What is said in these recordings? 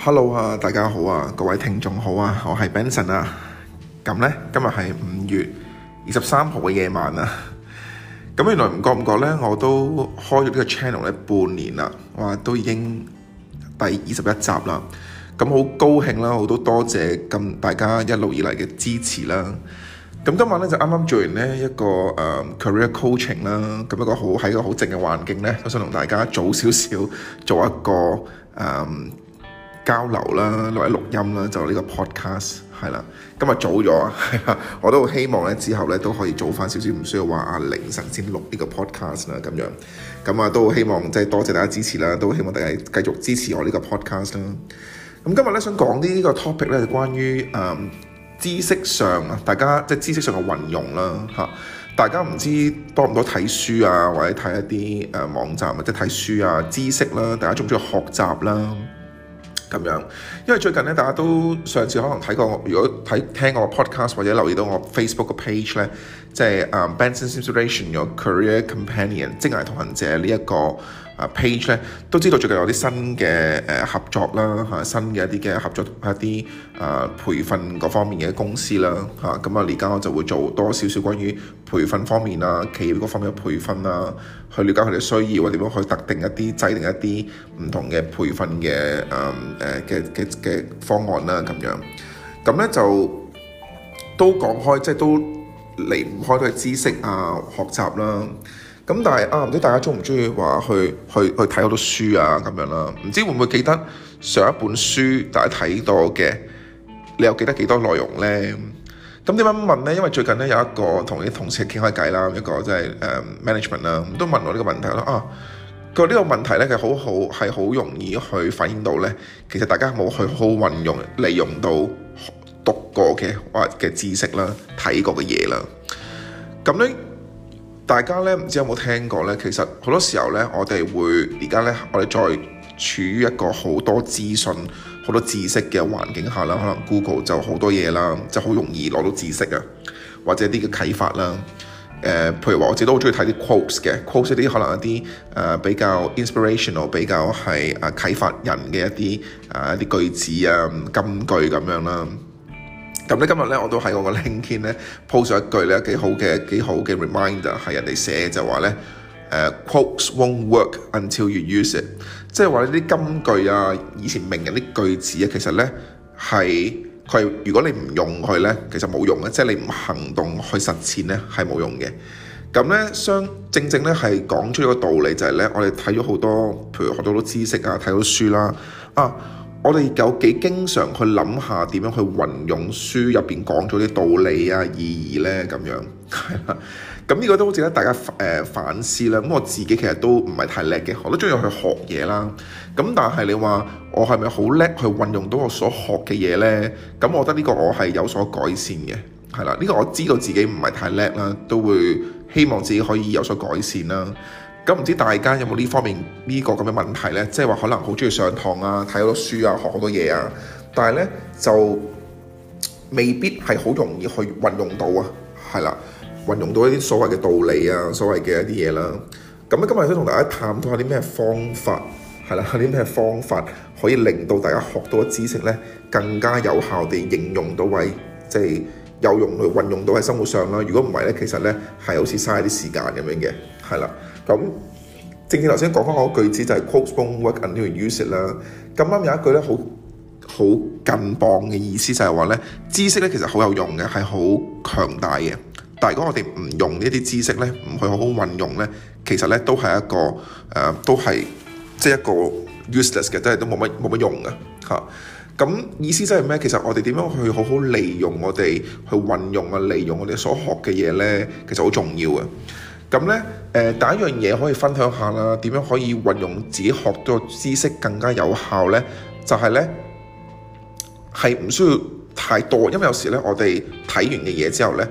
Hello 啊，大家好啊，各位聽眾好啊，我係 Benson 啊。咁呢，今日係五月二十三號嘅夜晚啊。咁原來唔覺唔覺呢，我都開咗呢個 channel 咧，半年啦，哇，都已經第二十一集啦。咁好高興啦，我都多謝咁大家一路以嚟嘅支持啦。咁今晚呢，就啱啱做完呢一個 career coaching 啦。咁一個好喺一個好靜嘅環境呢，我想同大家早少少做一個交流啦，或者錄音啦，就呢個 podcast 係啦。今日早咗，我都希望咧之後咧都可以早翻少少，唔需要話凌晨先錄呢個 podcast 啦咁樣。咁啊都希望即係、就是、多謝大家支持啦，都希望大家繼續支持我呢個 podcast 啦。咁今日咧想講啲呢個 topic 咧，就關於誒、嗯、知識上啊，大家即係、就是、知識上嘅運用啦嚇。大家唔知多唔多睇書啊？或者睇一啲誒網站或者睇書啊知識啦，大家中唔中意學習啦？咁樣，因為最近咧，大家都上次可能睇過，如果睇聽過我 podcast 或者留意到我 Facebook 嘅 page 咧，即係啊，Benson Inspiration Your Career Companion 職涯同行者呢一個啊 page 咧，都知道最近有啲新嘅誒合作啦，嚇新嘅一啲嘅合作一啲啊培訓嗰方面嘅公司啦，嚇咁啊而家我就會做多少少關於培訓方面啦，企業嗰方面嘅培訓啦。去了解佢哋需要，或者點樣去特定一啲、制定一啲唔同嘅培訓嘅誒誒嘅嘅嘅方案啦咁樣。咁咧就都講開，即係都離唔開佢嘅知識啊、學習啦。咁但係啊，唔知大家鍾唔鍾意話去去去睇好多書啊咁樣啦？唔知會唔會記得上一本書大家睇到嘅，你又記得幾多內容咧？咁點樣問呢？因為最近咧有一個同啲同事傾開偈啦，一個即係 management 啦，都問我呢個問題啦。啊，佢呢個問題咧，佢好好係好容易去反映到呢。其實大家冇去好運用利用到讀過嘅或嘅知識啦，睇過嘅嘢啦。咁呢，大家呢，唔知有冇聽過呢？其實好多時候呢，我哋會而家呢，我哋再處於一個好多資訊。好多知識嘅環境下啦，可能 Google 就好多嘢啦，就好容易攞到知識啊，或者啲嘅啟發啦。誒、呃，譬如話我自己都好中意睇啲 quotes 嘅 quotes 一啲，可能一啲誒、呃、比較 inspirational，比較係誒、啊、啟發人嘅一啲誒、啊、一啲句子啊、金句咁樣啦。咁、嗯、咧今日咧我都喺我個 LinkedIn 咧 post 咗一句咧幾好嘅幾好嘅 reminder 係人哋寫就話咧誒 Quotes won't work until you use it。即係話呢啲金句啊，以前名人啲句子啊，其實咧係佢，如果你唔用佢咧，其實冇用嘅。即係你唔行動去實踐咧，係冇用嘅。咁咧相正正咧係講出一個道理，就係咧，我哋睇咗好多，譬如學到好多知識啊，睇到書啦，啊，啊，我哋有幾經常去諗下點樣去運用書入邊講咗啲道理啊、意義咧咁樣。係啦。咁呢個都好值得大家誒、呃、反思啦。咁我自己其實都唔係太叻嘅，我都中意去學嘢啦。咁但係你話我係咪好叻去運用到我所學嘅嘢呢？咁我覺得呢個我係有所改善嘅，係啦。呢個我知道自己唔係太叻啦，都會希望自己可以有所改善啦。咁唔知大家有冇呢方面呢個咁嘅問題呢？即係話可能好中意上堂啊，睇好多書啊，學好多嘢啊，但係呢就未必係好容易去運用到啊，係啦。運用到一啲所謂嘅道理啊，所謂嘅一啲嘢啦。咁今日想同大家探討下啲咩方法，係啦，啲咩方法可以令到大家學到嘅知識呢，更加有效地應用到位，即係有用去運用到喺生活上啦。如果唔係呢，其實呢係好似嘥啲時間咁樣嘅，係啦。咁、嗯、正正頭先講返嗰句子就係「correspond with and use」啦。咁啱有一句呢，好好勁磅嘅意思就係話呢知識呢，其實好有用嘅，係好強大嘅。但如果我哋唔用呢啲知識咧，唔去好好運用咧，其實咧都係一個誒、呃，都係即係一個 useless 嘅，即係都冇乜冇乜用嘅嚇。咁、啊、意思即係咩？其實我哋點樣去好好利用我哋去運用啊，利用我哋所學嘅嘢咧，其實好重要嘅。咁咧誒，第一樣嘢可以分享下啦，點樣可以運用自己學咗嘅知識更加有效咧？就係咧係唔需要太多，因為有時咧我哋睇完嘅嘢之後咧。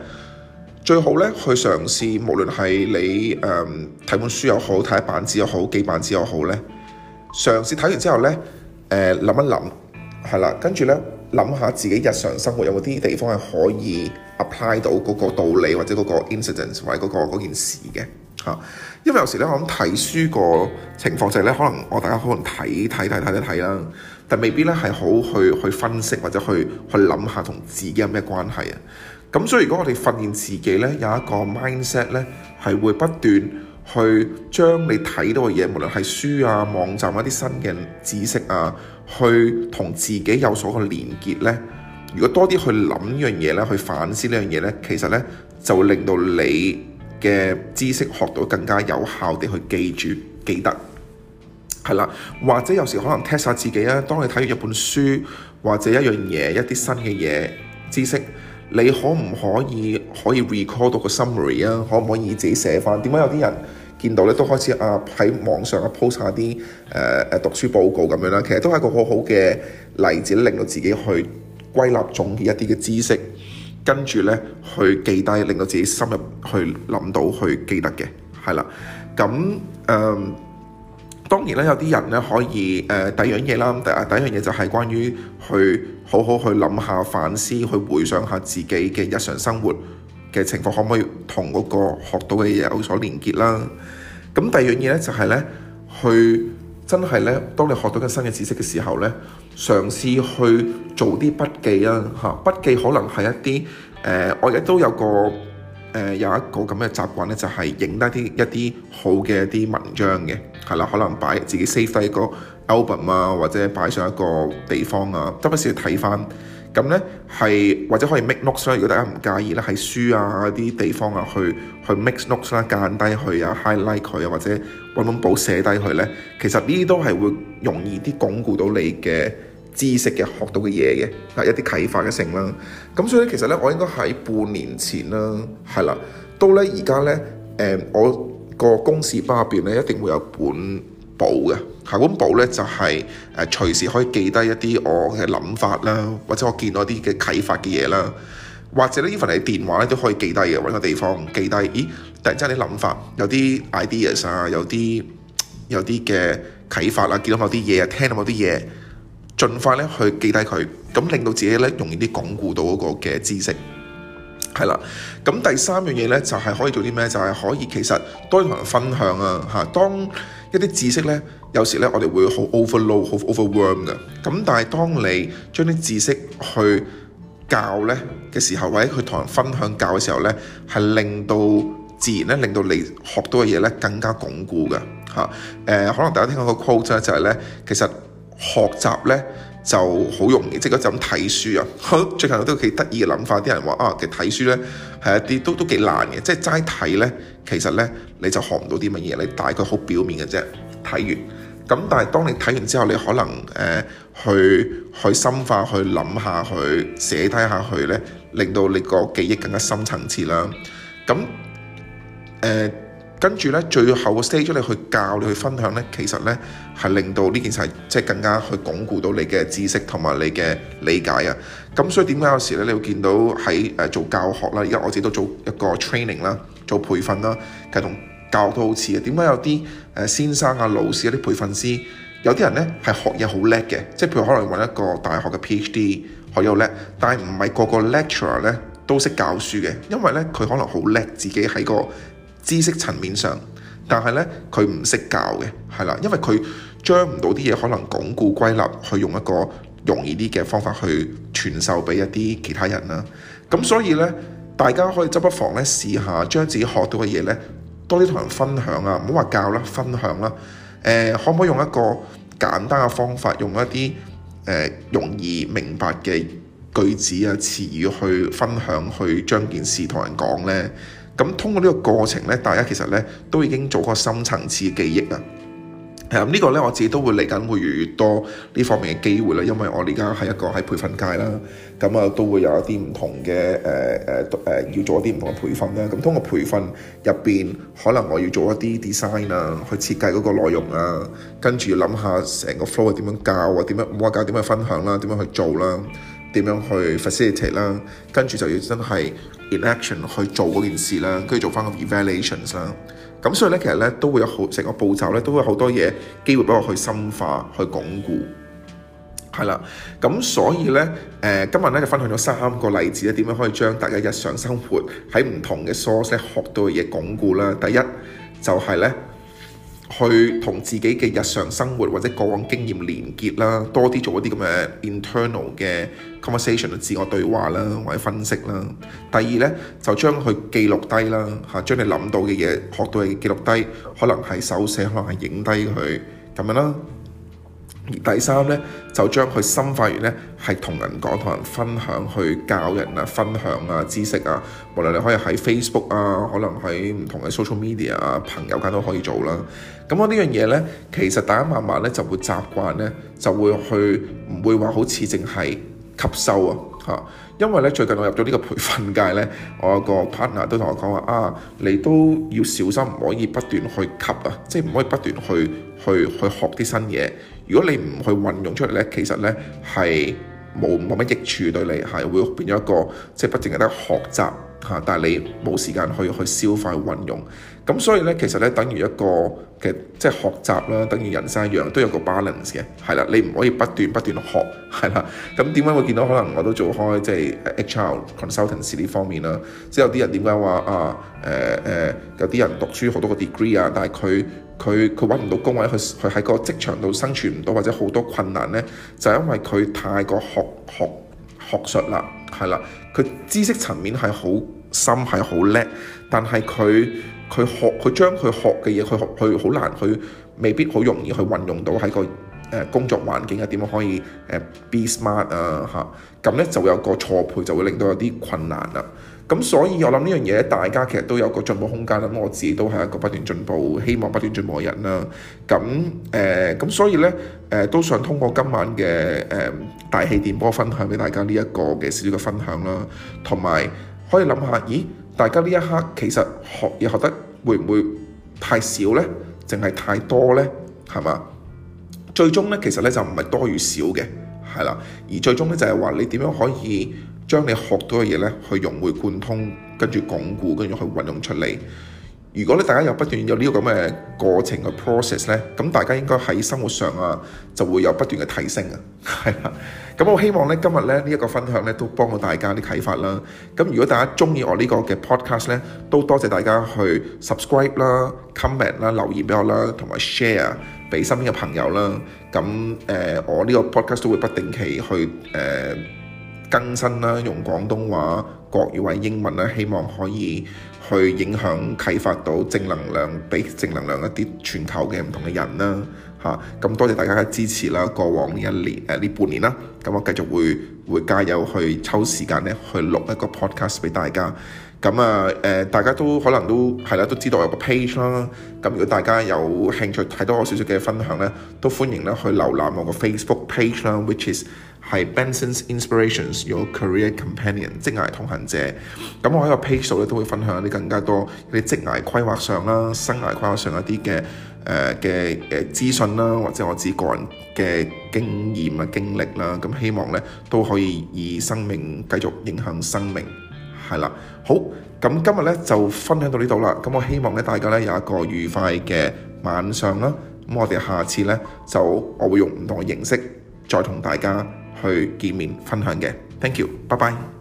最好咧去嘗試，無論係你誒睇、呃、本書又好，睇下板紙又好，幾板紙又好咧，嘗試睇完之後咧，誒、呃、諗一諗，係啦，跟住咧諗下自己日常生活有冇啲地方係可以 apply 到嗰個道理，或者嗰個 incident 或者嗰、嗰個嗰件事嘅嚇。因為有時咧，我諗睇書個情況就係咧，可能我大家可能睇睇睇睇一睇啦，但未必咧係好去去分析或者去去諗下同自己有咩關係啊。咁所以，如果我哋訓練自己咧，有一個 mindset 咧，係會不斷去將你睇到嘅嘢，無論係書啊、網站一啲新嘅知識啊，去同自己有所嘅連結咧。如果多啲去諗樣嘢咧，去反思呢樣嘢咧，其實咧就會令到你嘅知識學到更加有效地去記住，記得係啦。或者有時可能 test 下自己啦，當你睇完一本書或者一樣嘢、一啲新嘅嘢知識。你可唔可以可以 recall 到個 summary 啊？可唔可以自己寫翻？點解有啲人見到咧都開始啊喺網上啊 po 曬啲誒誒讀書報告咁樣啦？其實都係一個好好嘅例子，令到自己去歸納總結一啲嘅知識，跟住咧去記低，令到自己深入去諗到去記得嘅，係啦。咁誒、呃、當然咧，有啲人咧可以誒、呃、第一樣嘢啦，第一第一樣嘢就係關於去。好好去諗下反思，去回想下自己嘅日常生活嘅情況，可唔可以同嗰個學到嘅嘢有所連結啦？咁第二樣嘢咧就係、是、咧，去真係咧，當你學到新嘅知識嘅時候咧，嘗試去做啲筆記啦嚇、啊，筆記可能係一啲誒、呃，我亦都有個誒、呃、有一個咁嘅習慣咧，就係影低啲一啲好嘅一啲文章嘅，係啦，可能擺自己 save 低個。open 啊，或者擺上一個地方啊，得不時睇返。咁呢，係或者可以 make notes 啦。如果大家唔介意咧，喺書啊啲地方啊去去 make notes 啦，間低佢啊，highlight 佢啊，或者揾本簿寫低佢呢。其實呢啲都係會容易啲鞏固到你嘅知識嘅學到嘅嘢嘅，一啲啟發嘅性啦。咁所以咧，其實呢，我應該喺半年前啦，係啦，到呢而家呢，誒、呃、我個公事包入邊呢，一定會有本。簿嘅，下管簿咧就係、是、誒隨時可以記低一啲我嘅諗法啦，或者我見到一啲嘅啟發嘅嘢啦，或者呢份嘅電話咧都可以記低嘅，揾個地方記低。咦，突然之間啲諗法有啲 ideas 啊，有啲有啲嘅啟發啦，見到某啲嘢啊，聽到某啲嘢，盡快咧去記低佢，咁令到自己咧容易啲鞏固到嗰個嘅知識係啦。咁第三樣嘢咧就係可以做啲咩？就係、是、可以其實多同人分享啊嚇，當。一啲知識呢，有時呢，我哋會好 overload，好 overwhelm 嘅。咁但係當你將啲知識去教呢嘅時候，或者佢同人分享教嘅時候呢，係令到自然呢，令到你學到嘅嘢呢更加鞏固嘅。嚇、啊，誒、呃，可能大家聽到個 quote 真就係呢，其實學習呢。就好容易，即係嗰陣睇書啊！我最近都幾得意嘅諗法，啲人話啊，其實睇書咧係一啲都都幾難嘅，即係齋睇咧，其實咧你就學唔到啲乜嘢，你大概好表面嘅啫。睇完，咁但係當你睇完之後，你可能誒、呃、去去深化去諗下，下，下去、寫低下去咧，令到你個記憶更加深層次啦。咁誒。呃跟住咧，最後個 stage 你去教你去分享呢，其實呢係令到呢件事係即係更加去鞏固到你嘅知識同埋你嘅理解啊。咁所以點解有時咧，你會見到喺做教學啦，而家我自己都做一個 training 啦，做培訓啦，其實同教都好似啊。點解有啲先生啊、老師、一啲培訓師，有啲人呢係學嘢好叻嘅，即係譬如可能揾一個大學嘅 PhD 學嘢好叻，但係唔係個個 lecturer 咧都識教書嘅，因為呢佢可能好叻自己喺個知識層面上，但係呢，佢唔識教嘅，係啦，因為佢將唔到啲嘢可能鞏固歸納，去用一個容易啲嘅方法去傳授俾一啲其他人啦、啊。咁所以呢，大家可以就不妨呢試下將自己學到嘅嘢呢多啲同人分享啊，唔好話教啦，分享啦、呃。可唔可以用一個簡單嘅方法，用一啲、呃、容易明白嘅句子啊、詞語去分享，去將件事同人講呢？咁通過呢個過程咧，大家其實咧都已經做過深層次嘅記憶啊。係啊，呢個咧我自己都會嚟緊會越來越多呢方面嘅機會啦。因為我而家係一個喺培訓界啦，咁啊都會有一啲唔同嘅誒誒誒要做一啲唔同嘅培訓啦。咁通過培訓入邊，可能我要做一啲 design 啊，去設計嗰個內容啊，跟住要諗下成個 flow 點樣教啊，點樣點樣教點樣分享啦，點樣去做啦。點樣去 facilitate 啦，跟住就要真係 in action 去做嗰件事啦，跟住做翻個 evaluation 啦。咁所以咧，其實咧都會有好成個步驟咧，都會有好多嘢機會畀我去深化、去鞏固，係啦。咁所以咧，誒、呃、今日咧就分享咗三個例子咧，點樣可以將大家日常生活喺唔同嘅 source 學到嘅嘢鞏固啦。第一就係、是、咧。去同自己嘅日常生活或者過往經驗連結啦，多啲做一啲咁嘅 internal 嘅 conversation 同自我對話啦，或者分析啦。第二呢，就將佢記錄低啦，嚇，將你諗到嘅嘢學到嘅記錄低，可能係手寫，可能係影低佢咁樣啦。而第三咧，就將佢深化完咧，係同人講、同人分享、去教人啊、分享啊知識啊，無論你可以喺 Facebook 啊，可能喺唔同嘅 social media 啊，朋友間都可以做啦。咁我呢樣嘢咧，其實大家慢慢咧就會習慣咧，就會去唔會話好似淨係吸收啊。因為咧最近我入咗呢個培訓界咧，我有個 partner 都同我講話啊，你都要小心，唔可以不斷去吸啊，即係唔可以不斷去去去學啲新嘢。如果你唔去運用出嚟咧，其實咧係冇冇乜益處，對你係，又會變咗一個即係、就是、不斷喺度學習。嚇！但係你冇時間去去消化、去運用，咁所以咧，其實咧，等於一個嘅即係學習啦，等於人生一樣都有個 balance 嘅，係啦，你唔可以不斷不斷學，係啦。咁點解會見到可能我都做開即係 HR consultants 呢方面啦？即有啲人點解話啊？誒、呃、誒、呃，有啲人讀書好多個 degree 啊，但係佢佢佢揾唔到工位，佢佢喺個職場度生存唔到，或者好多困難咧，就係因為佢太過學學學術啦。係啦，佢知識層面係好深，係好叻，但係佢佢學佢將佢學嘅嘢，佢佢好難，去未必好容易去運用到喺個。工作環境啊，點樣可以 be smart 啊？嚇、啊，咁呢就有個錯配，就會令到有啲困難啦、啊。咁、啊、所以我諗呢樣嘢大家其實都有個進步空間啦、嗯。我自己都係一個不斷進步、希望不斷進步嘅人啦、啊。咁、啊、誒，咁、啊啊、所以呢，誒、啊，都想通過今晚嘅誒、啊、大氣電波分享俾大家呢一個嘅少少嘅分享啦。同埋可以諗下，咦？大家呢一刻其實學嘢學得會唔會太少呢？淨係太多呢？係嘛？最終咧，其實咧就唔係多與少嘅，係啦。而最終咧就係話你點樣可以將你學到嘅嘢咧去融會貫通，跟住鞏固，跟住去運用出嚟。如果咧大家有不斷有呢個咁嘅過程嘅 process 咧，咁大家應該喺生活上啊就會有不斷嘅提升啊，係啦。咁我希望咧今日咧呢一個分享咧都幫到大家啲啟發啦。咁如果大家中意我呢個嘅 podcast 咧，都多謝大家去 subscribe 啦、comment 啦、留言俾我啦，同埋 share。畀身邊嘅朋友啦，咁誒、呃，我呢個 podcast 都會不定期去誒、呃、更新啦，用廣東話、國語或者英文啦，希望可以去影響啟發到正能量，畀正能量一啲全球嘅唔同嘅人啦。嚇咁多謝大家嘅支持啦！過往呢一年誒呢、呃、半年啦，咁我繼續會會加油去抽時間咧去錄一個 podcast 俾大家。咁啊誒，大家都可能都係啦，都知道我有個 page 啦。咁如果大家有興趣睇多我少少嘅分享咧，都歡迎咧去瀏覽我個 Facebook page 啦，which is 係 Benson's Inspirations Your Career Companion 職涯通行者。咁我喺個 page 度咧都會分享一啲更加多啲職涯規劃上啦、生涯規劃上一啲嘅。誒嘅誒資訊啦，或者我自己個人嘅經驗啊經歷啦，咁希望咧都可以以生命繼續影響生命，係啦。好，咁今日咧就分享到呢度啦。咁我希望咧大家咧有一個愉快嘅晚上啦。咁我哋下次咧就我會用唔同嘅形式再同大家去見面分享嘅。Thank you，拜拜。